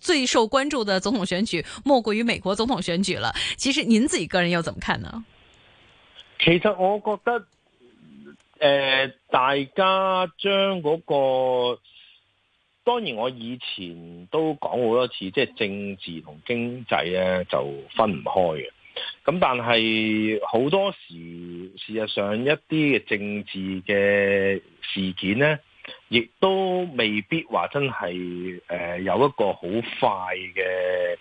最受關注的總統選舉莫過於美國總統選舉了。其實您自己個人又怎麼看呢？其實我覺得，誒，大家將嗰個，當然我以前都講好多次，即係政治同經濟咧就分唔開嘅。咁但係好多時事實上一啲嘅政治嘅事件呢。亦都未必話真係誒、呃、有一個好快嘅誒、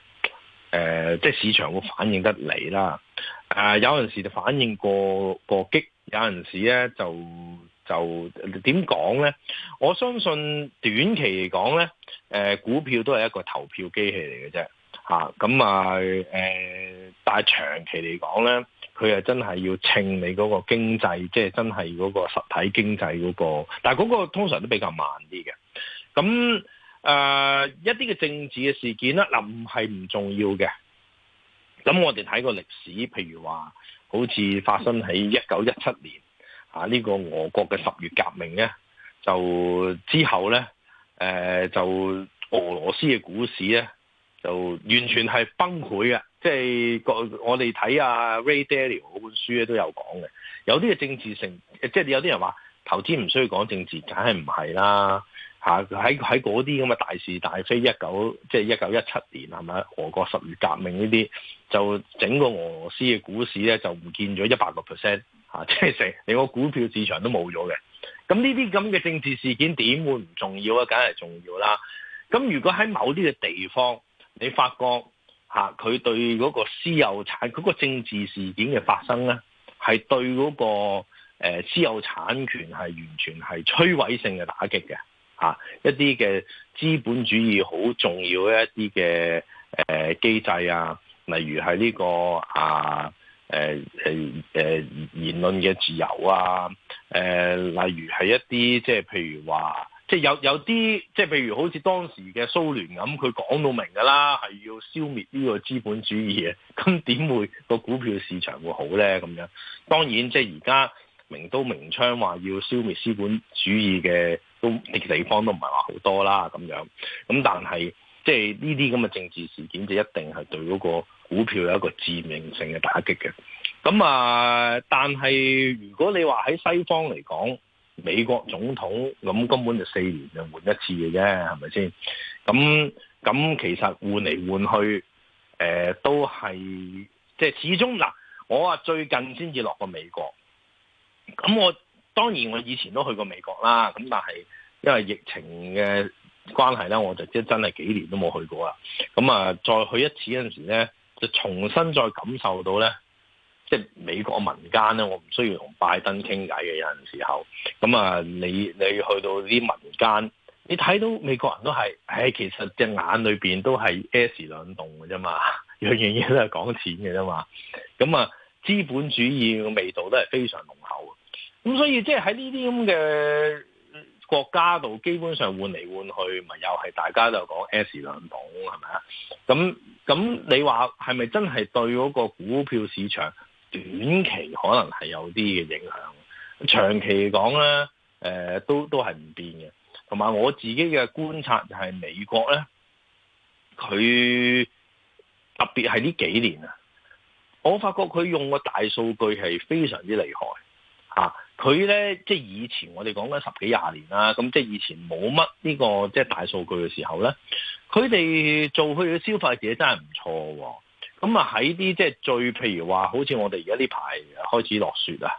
呃，即係市場會反應得嚟啦。誒、呃，有陣時就反應過過激，有陣時咧就就點講咧？我相信短期嚟講咧，誒、呃，股票都係一個投票機器嚟嘅啫。吓，咁啊，誒、啊呃，但係長期嚟講咧。佢係真係要稱你嗰個經濟，即係真係嗰個實體經濟嗰個，但係嗰個通常都比較慢啲嘅。咁誒，一啲嘅政治嘅事件呢，嗱，唔係唔重要嘅。咁我哋睇過歷史，譬如話好似發生喺一九一七年啊，呢個俄國嘅十月革命呢，就之後呢，誒就俄羅斯嘅股市呢。就完全係崩潰嘅，即係我哋睇阿 Ray Dalio 嗰本書咧都有講嘅，有啲嘅政治性，即係有啲人話投資唔需要講政治，梗係唔係啦嚇？喺喺嗰啲咁嘅大是大非，一九即係一九一七年係咪啊？俄國十月革命呢啲，就整個俄羅斯嘅股市咧就唔見咗一百個 percent 即係成你個股票市場都冇咗嘅。咁呢啲咁嘅政治事件點會唔重要啊？梗係重要啦。咁如果喺某啲嘅地方，你發覺嚇佢、啊、對嗰個私有產，嗰、那個政治事件嘅發生咧，係對嗰、那個、呃、私有產權係完全係摧毀性嘅打擊嘅嚇、啊，一啲嘅資本主義好重要嘅一啲嘅誒機制啊，例如係呢、這個啊誒誒誒言論嘅自由啊，誒、呃、例如係一啲即係譬如話。即係有有啲，即係譬如好似當時嘅蘇聯咁，佢講到明㗎啦，係要消滅呢個資本主義嘅，咁點會個股票市場會好咧？咁樣當然，即係而家明刀明槍話要消滅資本主義嘅都地方都唔係話好多啦，咁樣咁，但係即係呢啲咁嘅政治事件就一定係對嗰個股票有一個致命性嘅打擊嘅。咁啊，但係如果你話喺西方嚟講，美國總統咁根本就四年就換一次嘅啫，係咪先？咁咁其實換嚟換去，誒、呃、都係即係始終嗱、呃，我話最近先至落過美國。咁我當然我以前都去過美國啦，咁但係因為疫情嘅關係咧，我就即係真係幾年都冇去過啦。咁啊，再去一次嗰陣時咧，就重新再感受到咧。即係美國民間咧，我唔需要同拜登傾偈嘅有陣時候。咁啊，你你去到啲民間，你睇到美國人都係，唉，其實隻眼裏邊都係 S 兩棟嘅啫嘛，樣樣嘢都係講錢嘅啫嘛。咁啊，資本主義嘅味道都係非常濃厚啊。咁所以即係喺呢啲咁嘅國家度，基本上換嚟換去，咪又係大家都係講 S 兩棟係咪啊？咁咁你話係咪真係對嗰個股票市場？短期可能係有啲嘅影響，長期講咧，誒、呃、都都係唔變嘅。同埋我自己嘅觀察就係美國咧，佢特別係呢幾年啊，我發覺佢用個大數據係非常之厲害嚇。佢、啊、咧即係以前我哋講緊十幾廿年啦，咁即係以前冇乜呢個即係大數據嘅時候咧，佢哋做佢嘅消費者真係唔錯。咁啊喺啲即係最，譬如話，好似我哋而家呢排開始落雪啊，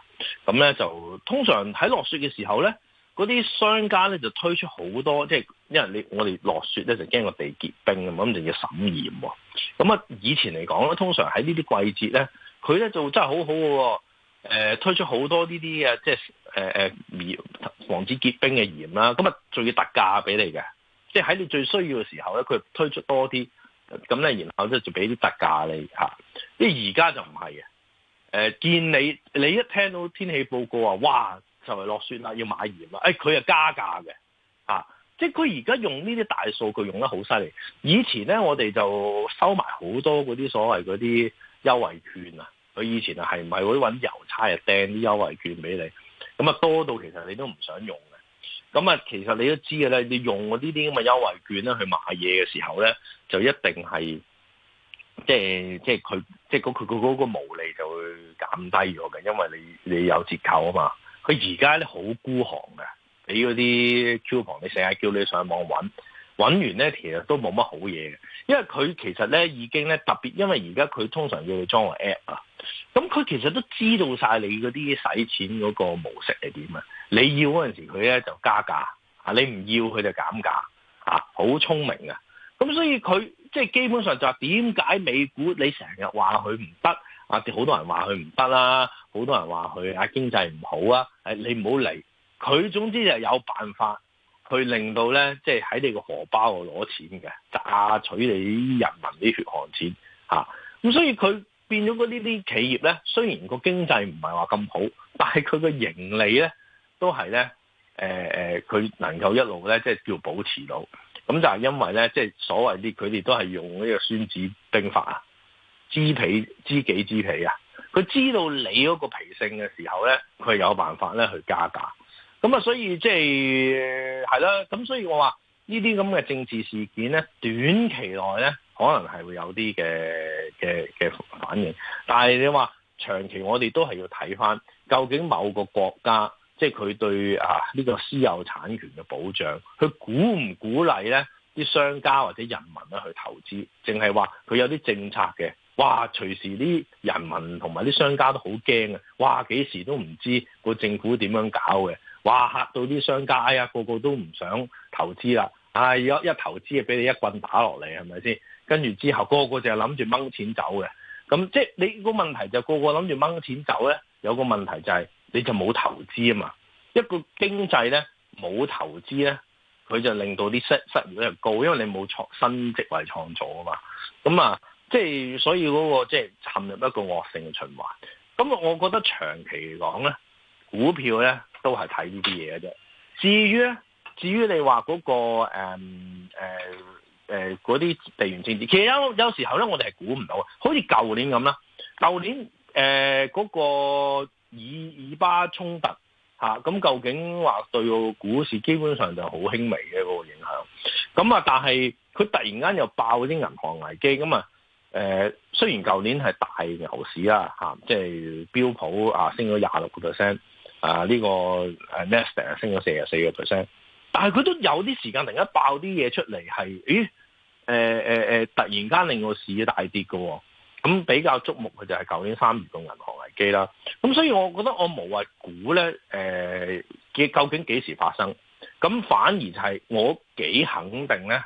咁咧就通常喺落雪嘅時候咧，嗰啲商家咧就推出好多即係，即係、因為你我哋落雪咧就驚個地結冰咁，咁就要審鹽喎。咁啊以前嚟講咧，通常喺呢啲季節咧，佢咧就真係好好喎、呃，推出好多呢啲嘅即係誒防止結冰嘅鹽啦。咁啊仲要特價俾你嘅，即係喺你最需要嘅時候咧，佢推出多啲。咁咧，然後咧就俾啲特價你嚇，即係而家就唔係嘅。見你你一聽到天氣報告啊，哇，就嚟、是、落雪啦，要買鹽啦，誒、哎，佢係加價嘅、啊，即係佢而家用呢啲大數據用得好犀利。以前咧，我哋就收埋好多嗰啲所謂嗰啲優惠券啊，佢以前係唔係會搵郵差啊掟啲優惠券俾你，咁啊多到其實你都唔想用。咁啊，其實你都知嘅咧，你用我呢啲咁嘅優惠券咧去買嘢嘅時候咧，就一定係即係即係佢即係嗰佢嗰個毛利就會減低咗嘅，因為你你有折扣啊嘛。佢而家咧好孤寒㗎，俾嗰啲 Q 房，你成日叫你上網揾。搵完咧，其實都冇乜好嘢嘅，因為佢其實咧已經咧特別，因為而家佢通常叫你裝個 app 啊，咁、嗯、佢其實都知道晒你嗰啲使錢嗰個模式係點啊，你要嗰陣時佢咧就加價啊，你唔要佢就減價啊，好聰明啊，咁所以佢即係基本上就係點解美股你成日話佢唔得啊？好多人話佢唔得啦，好多人話佢啊經濟唔好啊，誒、啊、你唔好理佢，總之就有辦法。去令到咧，即係喺你個荷包度攞錢嘅，榨取你人民啲血汗錢咁、啊、所以佢變咗嗰啲啲企業咧，雖然個經濟唔係話咁好，但係佢個盈利咧都係咧，誒、呃、佢能夠一路咧即係叫保持到。咁就係因為咧，即、就、係、是、所謂啲佢哋都係用呢個孫子兵法啊，知彼知己知彼啊，佢知道你嗰個脾性嘅時候咧，佢有辦法咧去加價。咁啊，所以即係係啦，咁、就是、所以我話呢啲咁嘅政治事件咧，短期內咧可能係會有啲嘅嘅嘅反應，但係你話長期我哋都係要睇翻究竟某個國家即係佢對啊呢個私有產權嘅保障，佢鼓唔鼓勵咧啲商家或者人民咧去投資，淨係話佢有啲政策嘅，哇！隨時啲人民同埋啲商家都好驚啊，哇！幾時都唔知個政府點樣搞嘅。哇！嚇到啲商家，哎呀，個個都唔想投資啦！哎，一一投資啊，俾你一棍打落嚟，係咪先？跟住之後，個個就係諗住掹錢走嘅。咁即係你個問題就個個諗住掹錢走咧，有個問題就係你就冇投資啊嘛。一個經濟咧冇投資咧，佢就令到啲失失業率又高，因為你冇創新職位創造啊嘛。咁啊，即係所以嗰個即係陷入一個惡性嘅循環。咁我覺得長期嚟講咧，股票咧，都係睇呢啲嘢嘅啫。至於咧，至於你話嗰個誒誒嗰啲地緣政治，其實有有時候咧，我哋係估唔到。好似舊年咁啦，舊年誒嗰個以以巴衝突嚇，咁究竟話對個股市基本上就好輕微嘅個影響。咁啊，但係佢突然間又爆嗰啲銀行危機，咁啊誒，雖然舊年係大牛市啊，嚇，即係標普啊升咗廿六個 percent。啊！呢、這個 Nasdaq 升咗四十四個 percent，但係佢都有啲時間突然間爆啲嘢出嚟，係咦？誒誒誒，突然間令個市大跌嘅喎。咁比較觸目嘅就係舊年三月嘅銀行危機啦。咁所以我覺得我冇話估咧誒嘅究竟幾時發生，咁反而就係我幾肯定咧。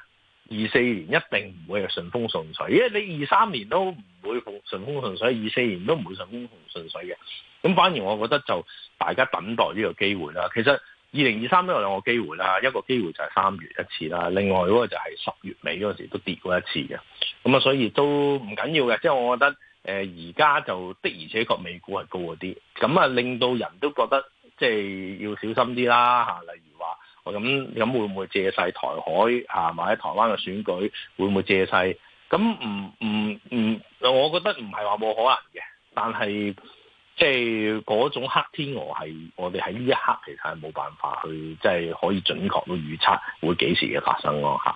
二四年一定唔會係順風順水，因為你二三年都唔會順風順水，二四年都唔會順風順水嘅。咁反而我覺得就大家等待呢個機會啦。其實二零二三都有兩個機會啦，一個機會就係三月一次啦，另外一個就係十月尾嗰陣時候都跌過一次嘅。咁，啊，所以都唔緊要嘅。即係我覺得，誒而家就的而且確美股係高咗啲，咁，啊令到人都覺得即係要小心啲啦。吓，例如話。咁咁會唔會借勢台海啊？或者台灣嘅選舉會唔會借勢？咁唔唔唔，我覺得唔係話冇可能嘅，但係即係嗰種黑天鵝係我哋喺呢一刻其實係冇辦法去即係、即係、可以準確到預測會幾時嘅發生咯、啊、嚇。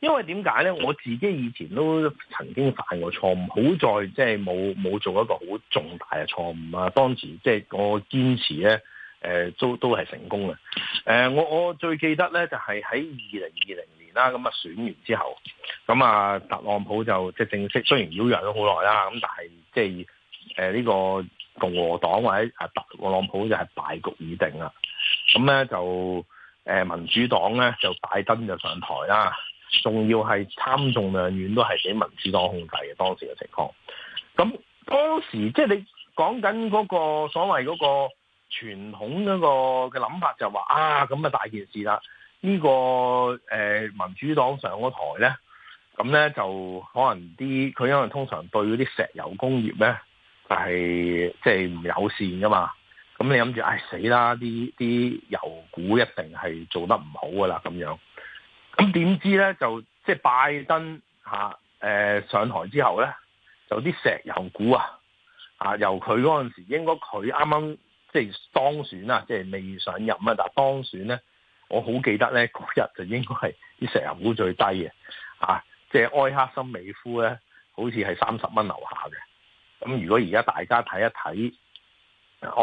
因為點解咧？我自己以前都曾經犯過錯誤，好在即係冇冇做一個好重大嘅錯誤啊！當時即係我堅持咧，誒、呃、都都係成功嘅。誒、呃，我我最記得咧，就係喺二零二零年啦，咁、嗯、啊選完之後，咁、嗯、啊特朗普就即係正式，雖然擾攘咗好耐啦，咁、嗯、但係即係誒呢個共和黨或者啊特朗普就係敗局已定啦。咁、嗯、咧、嗯、就誒、呃、民主黨咧就拜登就上台啦。仲要係參眾兩院都係俾民主黨控制嘅，當時嘅情況。咁當時即係你講緊嗰個所謂嗰個傳統嗰個嘅諗法、就是，啊、就話啊咁啊大件事啦！呢、呢個誒、呃、民主黨上咗台咧，咁咧就可能啲佢因為通常對嗰啲石油工業咧，就係即係唔友善噶嘛。咁你諗住唉死啦！啲啲油股一定係做得唔好噶啦，咁樣。咁點知咧？就即係、就是、拜登嚇、啊呃、上台之後咧，就啲石油股啊，由佢嗰陣時應該佢啱啱即係當選啊，即係未上任啊，但當選咧，我好記得咧嗰日就應該係啲石油股最低嘅，即、啊、係、就是、埃克森美孚咧，好似係三十蚊樓下嘅。咁如果而家大家睇一睇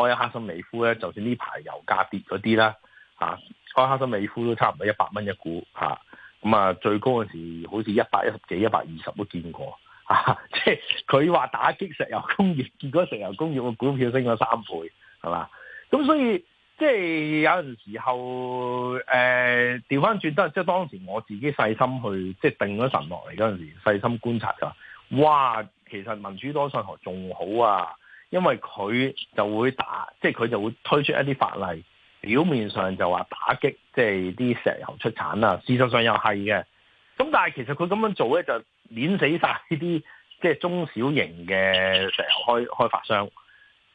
埃克森美孚咧，就算呢排油價跌嗰啲啦。啊，埃克森美孚都差唔多一百蚊一股嚇，咁啊最高嗰時候好似一百一十幾、一百二十都見過嚇，即係佢話打擊石油工業，結果石油工業個股票升咗三倍，係嘛？咁所以即係、就是、有陣時候誒調翻轉得，即、呃、係、就是、當時我自己細心去即係、就是、定咗神落嚟嗰陣時，細心觀察㗎、就是，哇！其實民主黨上台仲好啊，因為佢就會打，即係佢就會推出一啲法例。表面上就話打擊即係啲石油出產啦，事實上又係嘅。咁但係其實佢咁樣做咧，就碾死曬呢啲即係中小型嘅石油開開發商。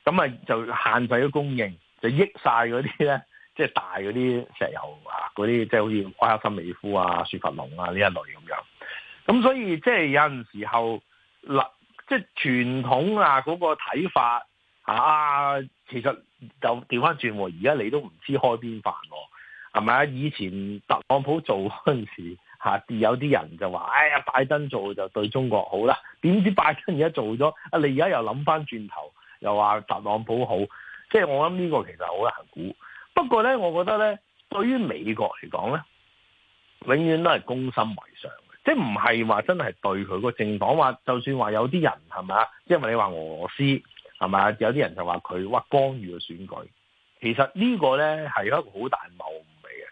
咁啊，就限制咗供應，就益曬嗰啲咧，即係大嗰啲石油啊，嗰啲即係好似埃克森美孚啊、雪佛龍啊呢一類咁樣。咁所以即係有陣時候嗱，即係傳統啊嗰個睇法。啊，其實就調翻轉，而家你都唔知開邊飯，係咪啊？以前特朗普做嗰陣時，吓、啊、有啲人就話，哎呀，拜登做就對中國好啦。點知拜登而家做咗，啊，你而家又諗翻轉頭，又話特朗普好。即、就、係、是、我諗呢個其實好難估。不過咧，我覺得咧，對於美國嚟講咧，永遠都係攻心為上，即係唔係話真係對佢個政黨話，就算話有啲人係咪啊？因為、就是、你話俄羅斯。係咪啊？有啲人就話佢哇干預嘅選舉，其實這個呢個咧，係一個好大謬誤嚟嘅。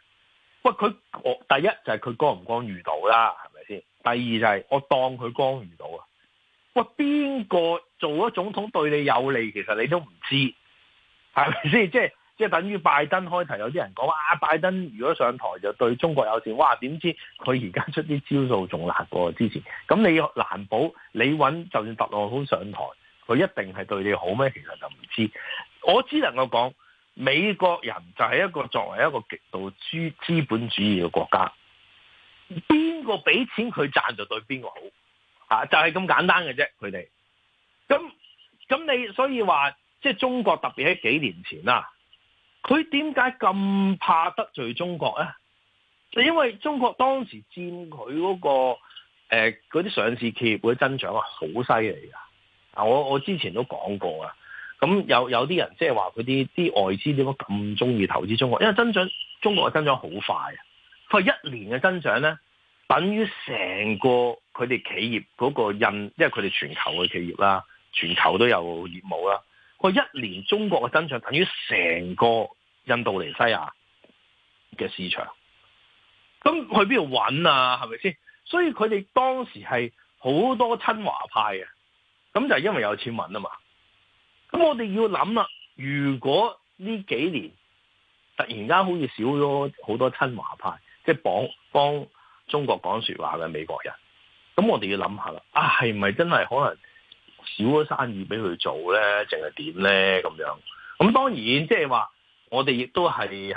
喂，佢我、哦，第一就係佢干唔干預到啦，係咪先？第二就係我當佢干預到啊。喂，邊個做咗總統對你有利，其實你都唔知，係咪先？即係即係等於拜登開頭有啲人講啊，拜登如果上台就對中國友善哇，點知佢而家出啲招數仲辣過之前？咁你難保你揾，就算特朗普上台，佢一定係對你好咩？其實就唔知，我只能夠講美國人就係一個作為一個極度資本主義嘅國家，邊個俾錢佢賺就對邊個好、啊、就係、是、咁簡單嘅啫。佢哋咁咁你所以話即係中國特別喺幾年前啦，佢點解咁怕得罪中國咧？就因為中國當時佔佢嗰、嗰個嗰啲、呃、上市企業嘅增長啊，好犀利啊！嗱，我我之前都講過啊，咁有有啲人即係話佢啲啲外資點解咁中意投資中國？因為增長中國嘅增長好快啊，佢一年嘅增長咧，等於成個佢哋企業嗰個印，因為佢哋全球嘅企業啦，全球都有業務啦，佢一年中國嘅增長等於成個印度尼西亞嘅市場，咁去邊度揾啊？係咪先？所以佢哋當時係好多親華派啊！咁就係因為有錢揾啊嘛，咁我哋要諗啦。如果呢幾年突然間好似少咗好多親華派，即係幫幫中國講說話嘅美國人，咁我哋要諗下啦。啊，係唔係真係可能少咗生意俾佢做咧？定係點咧？咁樣。咁當然，即係話，我哋亦都係吓，係，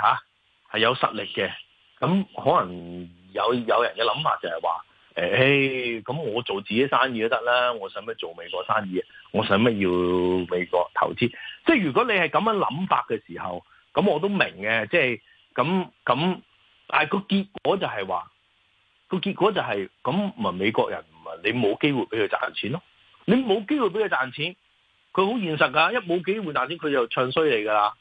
啊，有實力嘅。咁可能有有人嘅諗法就係話。誒，咁我做自己生意都得啦。我使乜做美國生意？我使乜要美國投資？即係如果你係咁樣諗法嘅時候，咁我都明嘅。即係咁咁，但係個結果就係話，個結果就係咁唔係美國人，唔係你冇機會俾佢賺錢咯。你冇機會俾佢賺錢，佢好現實噶。一冇機會賺錢，佢就唱衰你噶啦。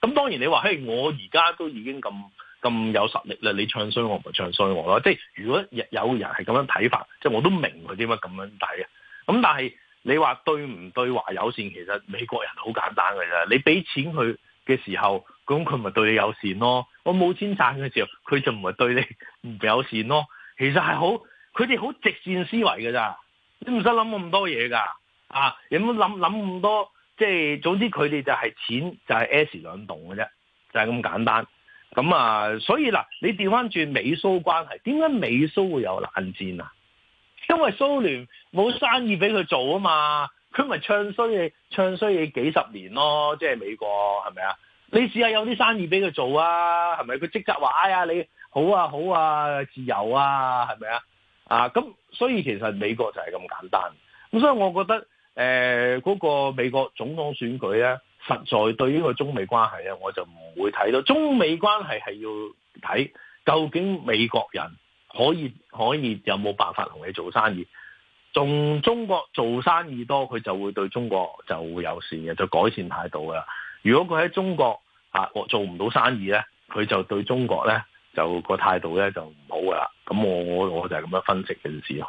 咁當然你話，嘿、hey，我而家都已經咁。咁有實力咧，你唱衰我咪唱衰我咯，即係如果有人係咁樣睇法，即我都明佢點解咁樣睇咁、嗯、但係你話對唔對華友善，其實美國人好簡單㗎啫。你俾錢佢嘅時候，咁佢咪對你友善咯。我冇錢賺嘅時候，佢就唔係對你唔友善咯。其實係好，佢哋好直線思維㗎咋。你唔使諗咁多嘢㗎。啊，你冇諗諗咁多，即係總之佢哋就係錢就係 S 兩棟㗎啫，就係、是、咁簡單。咁啊，所以嗱，你調翻轉美蘇關係，點解美蘇會有冷戰啊？因為蘇聯冇生意俾佢做啊嘛，佢咪唱衰你，唱衰你幾十年咯，即係美國係咪啊？你試下有啲生意俾佢做啊，係咪佢即刻話，哎呀，你好啊，好啊，自由啊，係咪啊？啊咁，所以其實美國就係咁簡單。咁所以我覺得誒嗰個美國總統選舉咧。實在對於個中美關係咧，我就唔會睇到。中美關係係要睇究竟美國人可以可以有冇辦法同你做生意，仲中國做生意多，佢就會對中國就會有善嘅，就改善態度噶啦。如果佢喺中國、啊、我做唔到生意咧，佢就對中國咧就、個態度咧就唔好噶啦。咁我我我就係咁樣分析件事咯。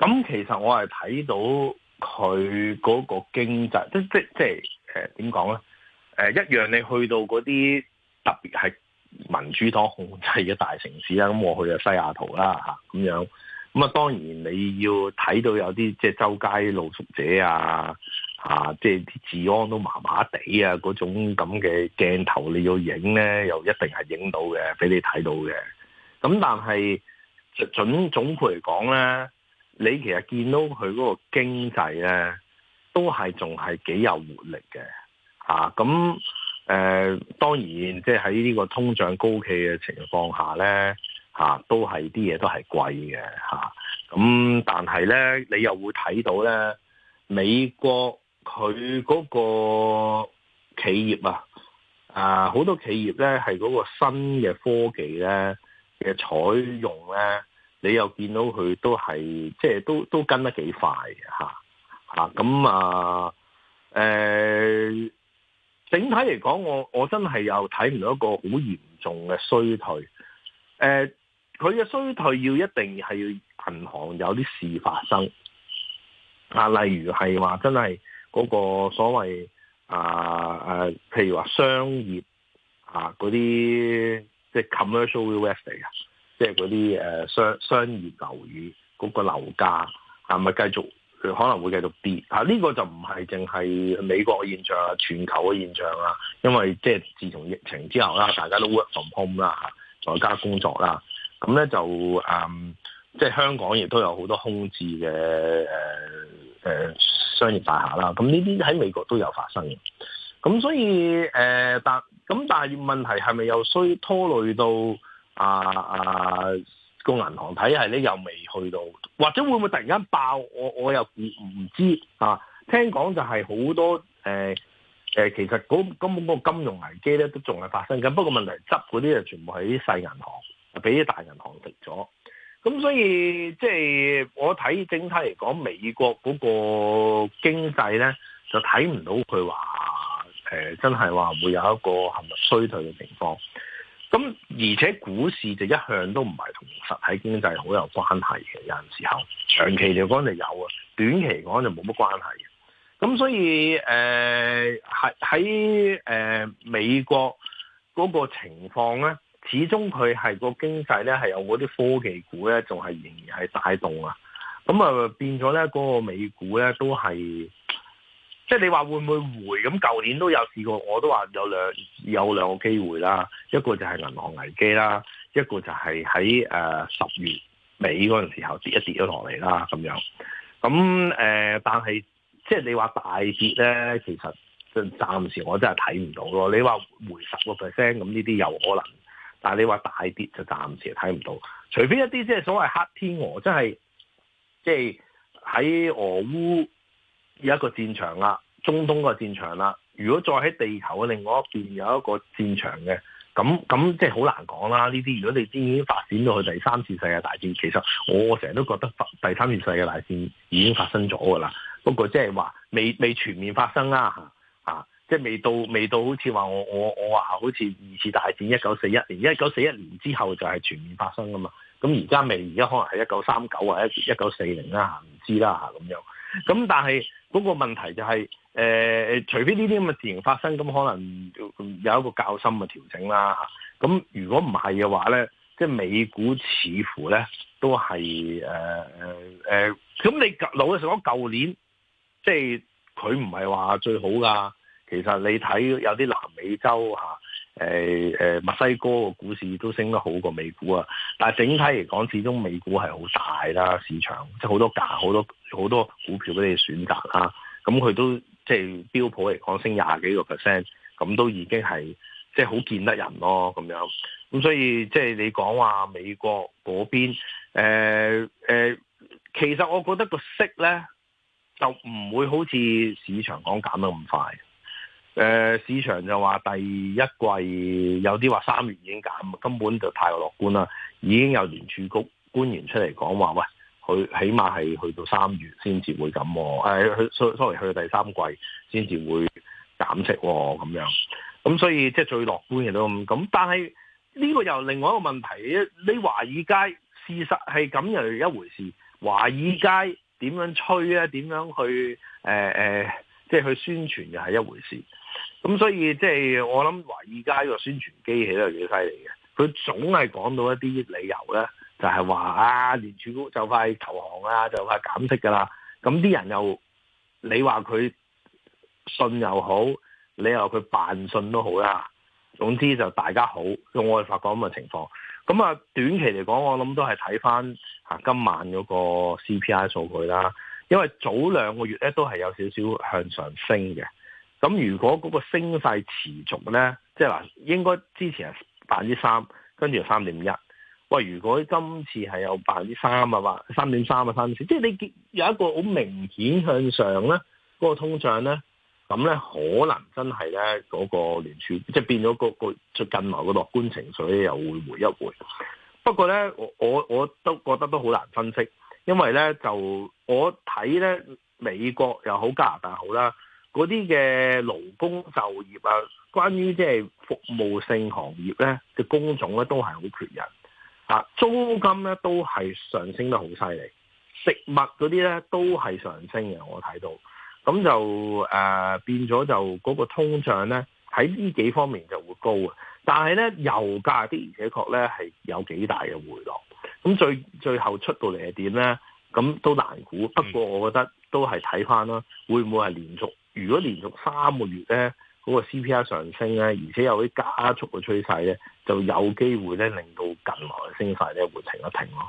咁其實我係睇到佢嗰個經濟，即即即誒點講咧？一樣你去到嗰啲特別係民主黨控制嘅大城市啦，咁我去咗西雅圖啦吓，咁樣，咁、嗯、啊當然你要睇到有啲即周街露宿者啊，啊即啲治安都麻麻地啊嗰種咁嘅鏡頭你要影咧，又一定係影到嘅，俾你睇到嘅。咁但係就總總括嚟講咧。你其實見到佢嗰個經濟咧，都係仲係幾有活力嘅嚇。咁、啊、誒、呃，當然即喺呢個通脹高企嘅情況下咧，嚇、啊、都係啲嘢都係貴嘅嚇。咁、啊、但係咧，你又會睇到咧，美國佢嗰個企業啊，啊好多企業咧係嗰個新嘅科技咧嘅採用咧。你又見到佢都係即係都都跟得幾快嘅，嚇，嚇，咁，啊，誒、啊呃，整體嚟講，我我真係又睇唔到一個好嚴重嘅衰退。誒、啊，佢嘅衰退要一定係要銀行有啲事發生啊，例如係話真係嗰個所謂啊譬、啊、如話商業啊嗰啲，即係 commercial real estate 即係嗰啲誒商商業樓宇嗰個樓價係咪繼續可能會繼續跌？啊，呢個就唔係淨係美國嘅現象啊，全球嘅現象啊，因為即係自從疫情之後啦，大家都 work from home 啦，在家工作啦，咁咧就誒，即、嗯、係、就是、香港亦都有好多空置嘅誒誒商業大廈啦。咁呢啲喺美國都有發生嘅。咁所以誒，但咁但係問題係咪又需要拖累到？啊啊！個、啊、銀行體系咧又未去到，或者會唔會突然間爆？我我又唔知啊！聽講就係好多誒誒、呃，其實根本嗰個金融危機咧都仲係發生緊。不過問題執嗰啲啊，就全部喺啲細銀行，俾啲大銀行食咗。咁所以即係、就是、我睇整體嚟講，美國嗰個經濟咧就睇唔到佢話誒，真係話會有一個陷入衰退嘅情況？咁而且股市就一向都唔係同實體經濟好有關係嘅，有陣時候長期嚟講就有啊，短期講就冇乜關係嘅。咁所以，誒喺喺誒美國嗰個情況咧，始終佢係個經濟咧係有嗰啲科技股咧，仲係仍然係帶動啊。咁啊變咗咧，嗰個美股咧都係。即係你話會唔會回咁？舊年都有試過，我都話有兩有兩個機會啦。一個就係銀行危機啦，一個就係喺誒十月尾嗰陣時候跌一跌咗落嚟啦咁樣。咁、嗯呃、但係即係你話大跌咧，其實就暫時我真係睇唔到咯。你話回十個 percent 咁呢啲有可能，但係你話大跌就暫時睇唔到。除非一啲即係所謂黑天鵝，真係即係即係喺俄烏。有一個戰場啦，中東個戰場啦。如果再喺地球嘅另外一邊有一個戰場嘅，咁咁即係好難講啦。呢啲如果你已經發展到去第三次世界大戰，其實我成日都覺得第三次世界大戰已經發生咗㗎啦。不過即係話未未全面發生啦嚇嚇，即係未到未到好似話我我我話好似二次大戰一九四一年，一九四一年之後就係全面發生㗎嘛。咁而家未而家可能係一九三九或者一九四零啦，唔知啦嚇咁樣。咁但係。嗰、那個問題就係、是，誒、呃，除非呢啲咁嘅事情發生，咁可能有一個較深嘅調整啦。咁如果唔係嘅話咧，即係美股似乎咧都係誒誒誒，咁你老實講，舊年即係佢唔係話最好㗎，其實你睇有啲南美洲、啊誒誒，墨西哥個股市都升得好過美股啊！但係整體嚟講，始終美股係好大啦，市場即係好多價好多好多股票俾你選擇啦。咁佢都即係標普嚟講升廿幾個 percent，咁都已經係即係好見得人咯咁樣。咁所以即係你講話美國嗰邊，誒、呃呃、其實我覺得個息咧就唔會好似市場講減得咁快。誒、呃，市場就話第一季有啲話三月已經減，根本就太過樂觀啦。已經有聯儲局官員出嚟講話，喂，佢起碼係去到三月先至會咁誒，疏疏離去, sorry, 去到第三季先至會減息咁樣。咁所以即係最樂觀嘅咯。咁但係呢、這個又另外一個問題，你華爾街事實係咁樣一回事。華爾街點樣吹咧？點樣去？誒、呃、誒。呃即係佢宣傳又係一回事，咁所以即係我諗，而家呢個宣傳機器都係幾犀利嘅，佢總係講到一啲理由咧，就係話啊，聯儲局就快投降啊，就快減息㗎啦。咁啲人又你話佢信又好，你話佢扮信都好啦。總之就大家好，用我哋發講咁嘅情況。咁啊，短期嚟講，我諗都係睇翻今晚嗰個 CPI 數據啦。因為早兩個月咧都係有少少向上升嘅，咁如果嗰個升勢持續咧，即係嗱，應該之前係百分之三，跟住三點一，喂，如果今次係有百分之三啊，或三點三啊，三點四，即係你有一個好明顯向上咧，嗰個通脹咧，咁咧可能真係咧嗰個聯儲即係變咗嗰個最近嚟嘅樂觀情緒又會回一回，不過咧，我我我都覺得都好難分析。因為咧就我睇咧美國又好加拿大好啦，嗰啲嘅勞工就業啊，關於即係服務性行業咧嘅工種咧都係好缺人，啊租金咧都係上升得好犀利，食物嗰啲咧都係上升嘅，我睇到，咁就誒、呃、變咗就嗰、那個通脹咧喺呢幾方面就會高啊，但係咧油價的而且確咧係有幾大嘅回落。咁最最後出到嚟係點咧？咁都難估。不過我覺得都係睇翻啦。會唔會係連續？如果連續三個月咧，嗰個 CPI 上升咧，而且有啲加速嘅趨勢咧，就有機會咧令到近來嘅升勢咧會停一停咯。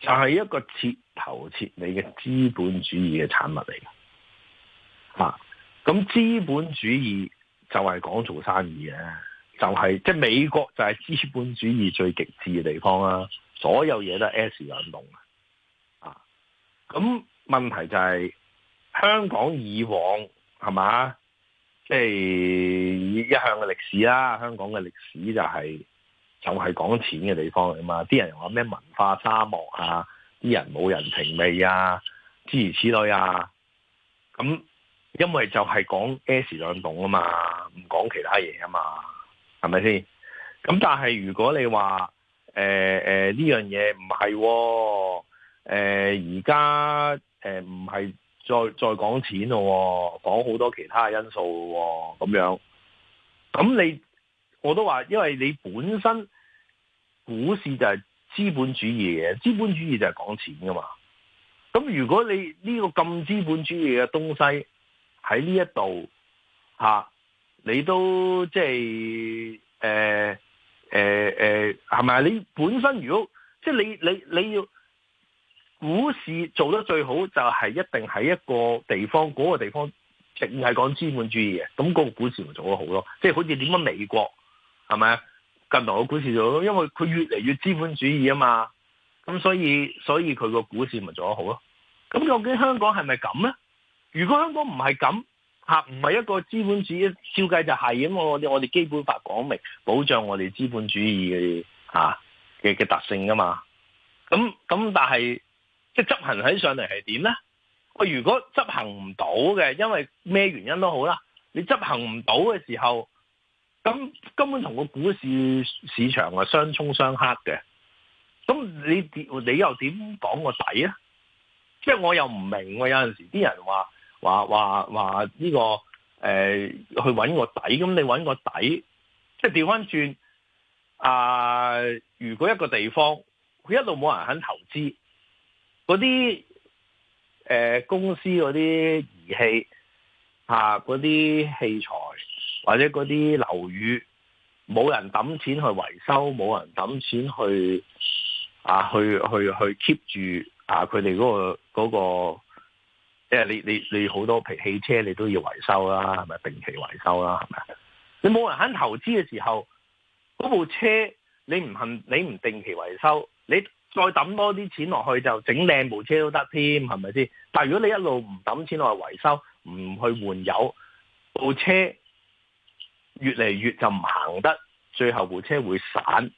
就係、是、一個徹頭徹尾嘅資本主義嘅產物嚟嘅，吓咁資本主義就係講做生意嘅，就係即係美國就係資本主義最極致嘅地方啦、啊，所有嘢都係 S 運動啊，咁問題就係、是、香港以往係咪，即係、哎、一向嘅歷史啦、啊，香港嘅歷史就係、是。就係、是、講錢嘅地方嚟嘛，啲人話咩文化沙漠啊，啲人冇人情味啊，諸如此類啊。咁因為就係講 S 兩棟啊嘛，唔講其他嘢啊嘛，係咪先？咁但係如果你話誒誒呢樣嘢唔係，誒而家誒唔係再再講錢咯、哦，講好多其他嘅因素咯、哦，咁樣。咁你？我都話，因為你本身股市就係資本主義嘅，資本主義就係講錢噶嘛。咁如果你呢個咁資本主義嘅東西喺呢一度吓，你都即係誒誒誒，係咪？你本身如果即係你你你要股市做得最好，就係一定喺一個地方，嗰個地方淨係講資本主義嘅，咁嗰個股市咪做得好咯。即係好似點樣美國？係咪啊？近來個股市就，因為佢越嚟越資本主義啊嘛，咁所以所以佢個股市咪做得好咯？咁究竟香港係咪咁咧？如果香港唔係咁，吓唔係一個資本主義，照計就係、是、咁。因為我我哋基本法講明保障我哋資本主義嘅吓嘅嘅特性噶嘛。咁咁但係即係執行喺上嚟係點咧？我如果執行唔到嘅，因為咩原因都好啦，你執行唔到嘅時候。咁根本同個股市市場係相沖相克嘅，咁你你又點講個底啊？即係我又唔明，我有陣時啲人話話話話呢個誒、呃、去搵個底，咁你搵個底，即係調翻轉啊！如果一個地方佢一路冇人肯投資，嗰啲誒公司嗰啲儀器啊，嗰啲器材。或者嗰啲樓宇冇人抌錢去維修，冇人抌錢去啊，去去去 keep 住啊，佢哋嗰個嗰個，即係你你你好多汽車，你都要維修啦，係咪定期維修啦，係咪？你冇人肯投資嘅時候，嗰部車你唔肯，你唔定期維修，你再抌多啲錢落去就整靚部車都得添，係咪先？但係如果你一路唔抌錢落去維修，唔去換油部車。越嚟越就唔行得，最後部車會散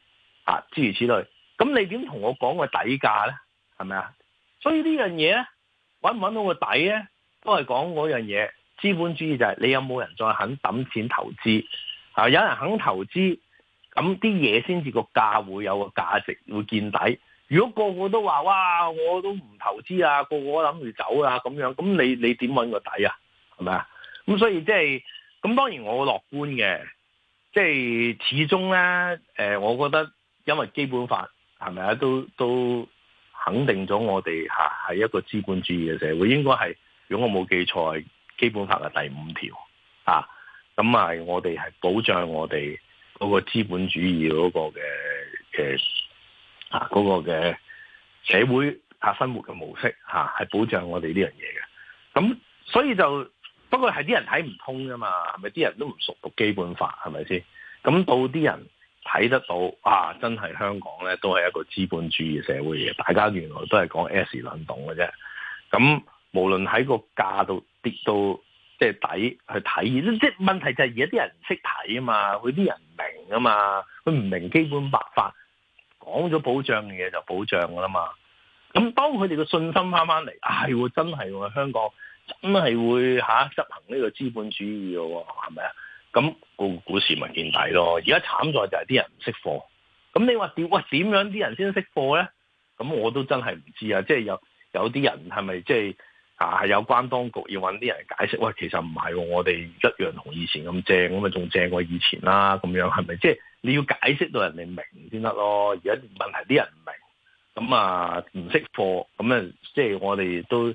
啊，諸如此類。咁你點同我講個底價呢？係咪啊？所以呢樣嘢呢，揾唔揾到個底呢？都係講嗰樣嘢。資本主義就係你有冇人再肯抌錢投資啊？有人肯投資，咁啲嘢先至個價會有個價值會見底。如果個個都話哇，我都唔投資啊，個個諗住走啊咁樣，咁你你點揾個底啊？係咪啊？咁所以即係。咁當然我樂觀嘅，即係始終呢，誒、呃，我覺得因為基本法係咪啊？都都肯定咗我哋嚇係一個資本主義嘅社會，應該係，如果我冇記錯，基本法嘅第五條啊，咁啊，我哋係保障我哋嗰個資本主義嗰個嘅啊嗰個嘅社會嚇生活嘅模式嚇係、啊、保障我哋呢樣嘢嘅，咁、啊、所以就。不過係啲人睇唔通噶嘛係咪啲人都唔熟讀基本法，係咪先？咁到啲人睇得到啊，真係香港咧都係一個資本主義社會嘅，大家原來都係講 S 輪動嘅啫。咁無論喺個價度跌到即係底去睇，即係問題就係而家啲人唔識睇啊嘛，佢啲人唔明啊嘛，佢唔明基本法講咗保障嘅嘢，就保障噶啦嘛。咁當佢哋嘅信心翻翻嚟，係、哎、喎真係喎香港。真係會吓執行呢個資本主義嘅，係咪啊？咁個股市咪見底咯。而家慘在就係啲人唔識貨。咁你話點喂？點樣啲人先識貨咧？咁我都真係唔知啊。即係有有啲人係咪即係啊？有關當局要搵啲人解釋？喂，其實唔係，我哋一樣同以前咁正，咁啊仲正過以前啦。咁樣係咪？即係你要解釋到人哋明先得咯。而家問題啲人唔明，咁啊唔識貨。咁啊即係我哋都。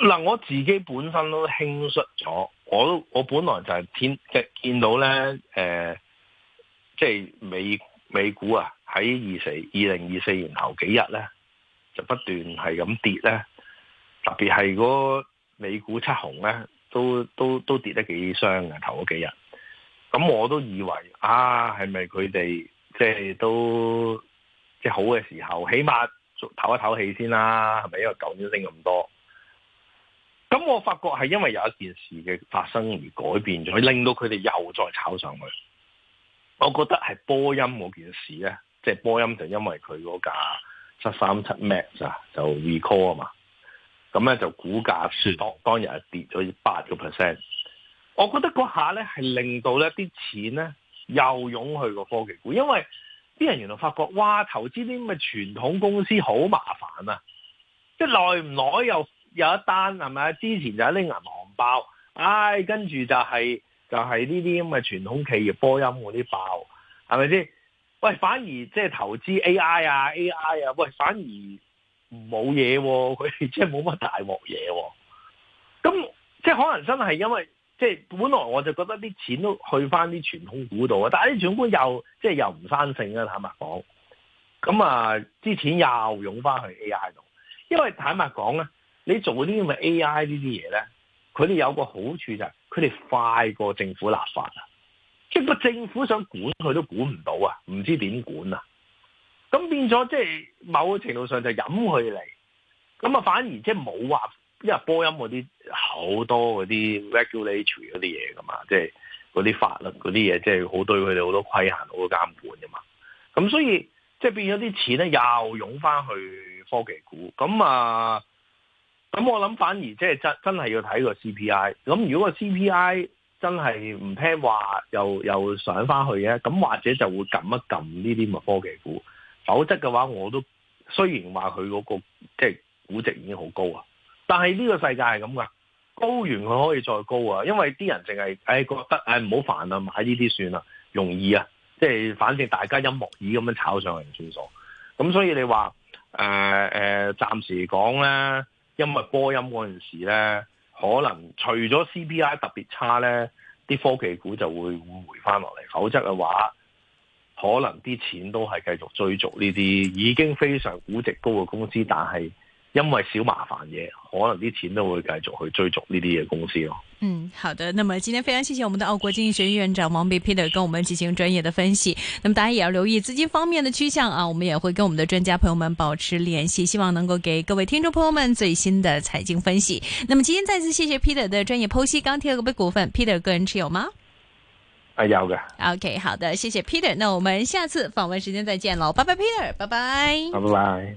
嗱，我自己本身都輕率咗，我都我本來就係天，即係見到咧，誒即係美美股啊，喺二四二零二四年頭幾日咧，就不斷係咁跌咧，特別係嗰美股七雄咧，都都都跌得幾傷啊頭幾日，咁我都以為啊，係咪佢哋即係都即係好嘅時候，起碼做唞一唞氣先啦，係咪因為舊年升咁多？咁我發覺係因為有一件事嘅發生而改變咗，令到佢哋又再炒上去。我覺得係波音嗰件事咧，即係波音就因為佢嗰架七三七 MAX 就 recall 啊嘛，咁咧就股價當當日跌咗八個 percent。我覺得嗰下咧係令到咧啲錢咧又湧去個科技股，因為啲人原來發覺哇，投資啲咁嘅傳統公司好麻煩啊，即係耐唔耐又。有一單係咪之前就係拎銀行爆，唉、哎，跟住就係、是、就係呢啲咁嘅傳統企業波音嗰啲爆，係咪先？喂，反而即係投資 A I 啊，A I 啊，喂，反而冇嘢喎，佢即係冇乜大鑊嘢喎。咁即係可能真係因為即係、就是、本來我就覺得啲錢都去翻啲傳統股度啊，但係啲傳統股又即係、就是、又唔生性啊。坦白講，咁啊，啲錢又湧翻去 A I 度，因為坦白講咧。你做嗰啲咁嘅 A.I. 呢啲嘢咧，佢哋有個好處就係佢哋快過政府立法啦，即係個政府想管佢都管唔到啊，唔知點管啊。咁變咗即係某個程度上就引佢嚟，咁啊反而即係冇話因為波音嗰啲好多嗰啲 regulatory 嗰啲嘢噶嘛，即係嗰啲法律嗰啲嘢，即係好對佢哋好多規限好多監管噶嘛。咁所以即係變咗啲錢咧又湧翻去科技股，咁啊。咁我諗反而即係真真係要睇個 CPI。咁如果個 CPI 真係唔聽話又，又又上翻去嘅，咁或者就會撳一撳呢啲物科技股。否則嘅話，我都雖然話佢嗰個即係估值已經好高啊，但係呢個世界係咁噶，高完佢可以再高啊。因為啲人淨係誒覺得誒唔好煩啊，買呢啲算啦，容易啊，即係反正大家一目耳咁樣炒上嚟算數。咁所以你話誒誒暫時講咧。因為波音嗰陣時咧，可能除咗 CPI 特別差咧，啲科技股就會回翻落嚟。否則嘅話，可能啲錢都係繼續追逐呢啲已經非常估值高嘅公司，但係。因為少麻煩嘢，可能啲錢都會繼續去追逐呢啲嘅公司咯。嗯，好的。那麼今天非常謝謝我們的奧國經濟學院院長王弼 Peter 跟我們進行專業的分析。那麼大家也要留意資金方面的趨向啊，我們也會跟我們的專家朋友們保持聯繫，希望能夠給各位聽眾朋友們最新的財經分析。那麼今天再次謝謝 Peter 的專業剖析，剛提股份 Peter 個人持有嗎？啊有嘅。OK，好的，謝謝 Peter。那我們下次訪問時間再見咯，拜拜 Peter，拜拜，拜拜。